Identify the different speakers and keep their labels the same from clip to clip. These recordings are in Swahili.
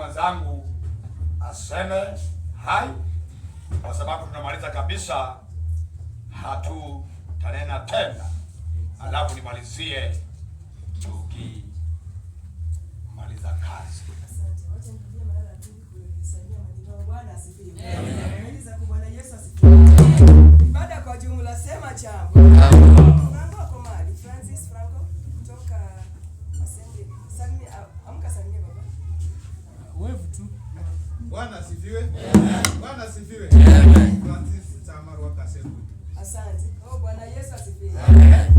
Speaker 1: mwenzangu aseme hai, kwa sababu tunamaliza kabisa, hatutanena tena. Alafu nimalizie tukimaliza kazi.
Speaker 2: Baada kwa jumla sema jambo.
Speaker 1: Bwana asifiwe. Bwana asifiwe. Francis
Speaker 2: Asante. Oh, Bwana Yesu asifiwe. Amen.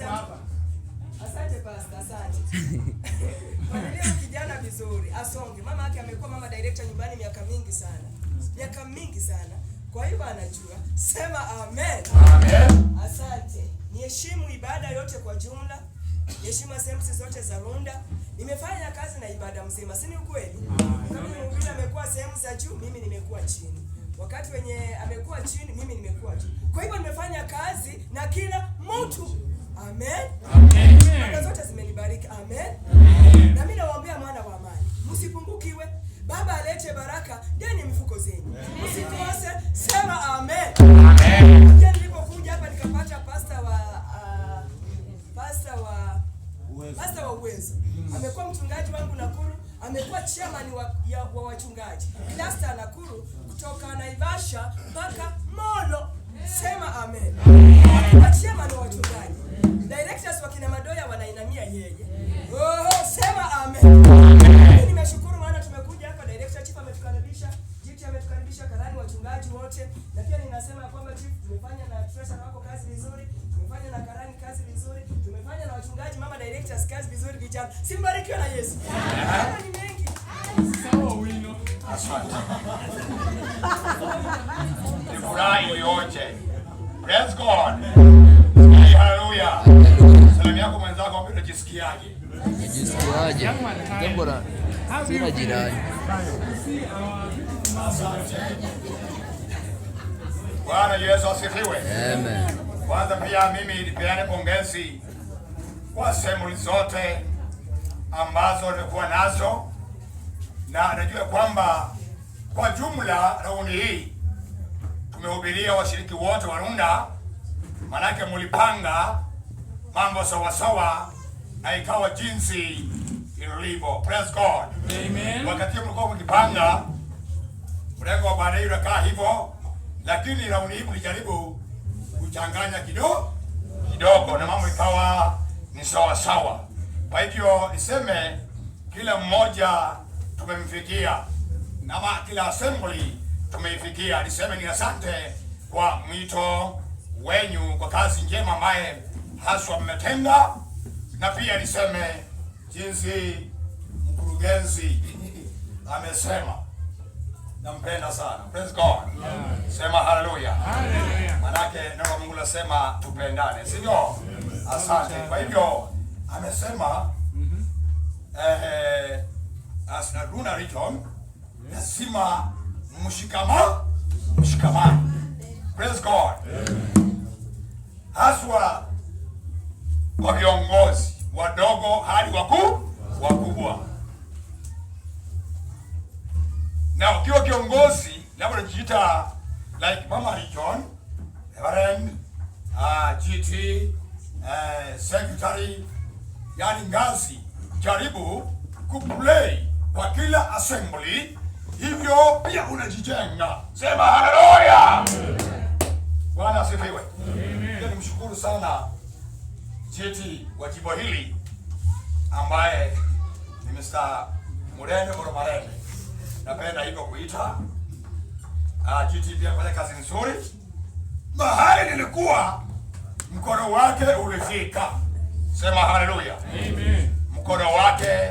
Speaker 1: Asante
Speaker 2: pastor, asante. Mwanelea kijana vizuri, asonge. Mama yake amekuwa mama director nyumbani miaka mingi sana. Miaka mingi sana. Kwa hiyo anajua. Sema amen.
Speaker 3: Amen.
Speaker 2: Asante. Niheshimu ibada yote kwa jumla. Niheshimu sehemu zote za Runda. Nimefanya kazi na ibada mzima, si ni ukweli? Kama mwingine amekuwa sehemu za juu, mimi nimekuwa chini. Wakati wenye amekuwa chini, mimi nimekuwa juu. Kwa hivyo nimefanya kazi na kila mtu. Amen. Amen. Baraka zote zimenibariki. Amen.
Speaker 3: Amen.
Speaker 2: Na mimi nawaambia mwana wa amani. Msipungukiwe. Baba alete baraka ndani mifuko zenu. Msikose, sema amen.
Speaker 3: Amen.
Speaker 2: Nilipokuja hapa nikapata pasta wa pasta uh, wa Pasta wa uwezo. Mm-hmm. Amekuwa mchungaji wangu Nakuru, amekuwa chairman wa, ya, wa wachungaji. Cluster Nakuru kutoka Naivasha mpaka Molo. Sema amen. Achia mano wachungaji. Directors wa kina Madoya wanainamia yeye. Oh, sema amen. Nimeshukuru maana tumekuja hapa, director chief ametukaribisha, ametukaribisha, karani wachungaji wote. Na pia ninasema kwamba chief, tumefanya na treasurer wako kazi vizuri, tumefanya na karani kazi vizuri, tumefanya na wachungaji mama directors kazi vizuri vijana. Simbarikiwa na Yesu. Ni mengi.
Speaker 4: Sawa wewe.
Speaker 1: Asante. Ni furaha iliyoje! Praise God. Haleluya. Salamu yako mwenzako unajisikiaje?
Speaker 5: Unajisikiaje? Jambo la sina jirani.
Speaker 1: Bwana Yesu asifiwe. Amen. Kwanza pia mimi nipeane pongezi kwa sehemu zote ambazo nilikuwa nazo na anajua kwamba kwa jumla raundi hii tumehubiria washiriki wote wa Runda, manake mulipanga mambo sawasawa na ikawa jinsi ilivyo. Praise God. Amen. Wakati mlikuwa mkipanga mrengo wa baadaye unakaa hivyo, lakini raundi hii mlijaribu kuchanganya kidogo kidogo na mambo ikawa ni sawasawa. Kwa hivyo niseme kila mmoja tumemfikia na kila assembly tumeifikia. ni asante kwa mwito wenyu, kwa kazi njema ambaye haswa mmetenda, na pia niseme jinsi mkurugenzi amesema, nampenda sana. Praise God, sema haleluya, manake neno Mungu lasema tupendane, si ndio? Asante. Kwa hivyo amesema mm -hmm. eh, eh as a lazima mshikama mshikamano. Praise God. Haswa kwa viongozi wadogo hadi wakuu wakubwa. Na ukiwa kiongozi labda unajiita like mama region, Reverend, uh, ah, GT, uh, eh, secretary, yani ngazi jaribu kuplay kwa kila assembly, hivyo pia unajijenga. Sema haleluya! Bwana asifiwe. Amen. Nimshukuru sana jeti wa jimbo hili ambaye ni Mr. Murende Moromarende, napenda hivyo kuita jeti. Ah, pia fanya kazi nzuri mahali nilikuwa mkono wake ulifika. Sema haleluya! Mkono wake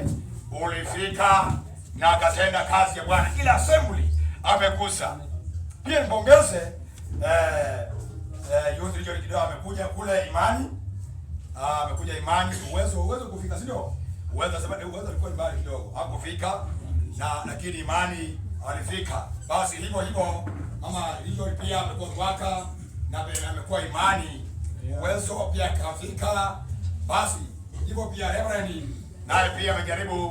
Speaker 1: ulifika na akatenda kazi ya Bwana, kila assembly amekusa Pia nipongeze eh, eh, Youth Region Kidao amekuja kule imani, ah, amekuja imani, uwezo uwezo kufika, sio Uwezo sema uwezo alikuwa mbali kidogo, hakufika na lakini imani alifika. Basi hivyo hivyo mama hiyo pia amekuwa mwaka na amekuwa imani, uwezo pia kafika. Basi hivyo pia Reverend naye pia amejaribu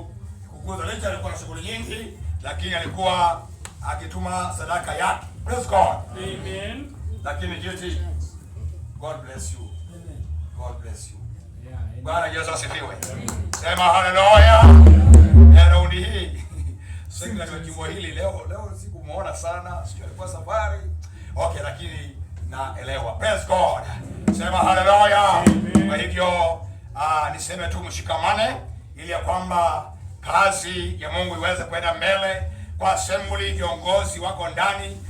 Speaker 1: kukuza, lecha, alikuwa na shughuli nyingi, lakini alikuwa akituma sadaka yake. Praise God.
Speaker 3: Amen.
Speaker 1: Lakini jiti, God bless you. God bless you. Bwana Yesu asifiwe. Sema haleluya. Erudi hii. Sisi katika jimbo hili leo leo sikumuona sana, sio alikuwa safari. Okay, lakini naelewa. Praise God. Sema haleluya. Kwa hivyo, ah, niseme tu mshikamane ili ya kwamba kazi ya Mungu iweze kwenda mbele kwa assembly, viongozi wako ndani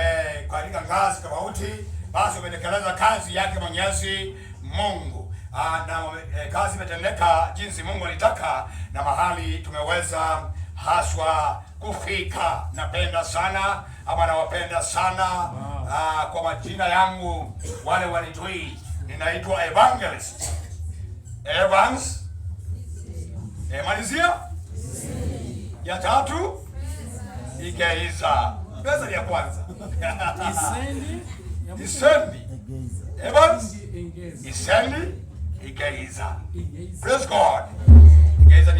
Speaker 1: eh, katika ngazi tofauti, basi umetekeleza kazi yake Mwenyezi Mungu ah, na eh, kazi imetendeka jinsi Mungu alitaka na mahali tumeweza haswa kufika. Napenda sana ama nawapenda sana wow. ah, kwa majina yangu wale walitui ninaitwa Evangelist Evans E, malizia ya tatu igeiza pesa ya kwanza
Speaker 4: isendi
Speaker 1: isendi eh, igeiza. Praise God. Igeiza.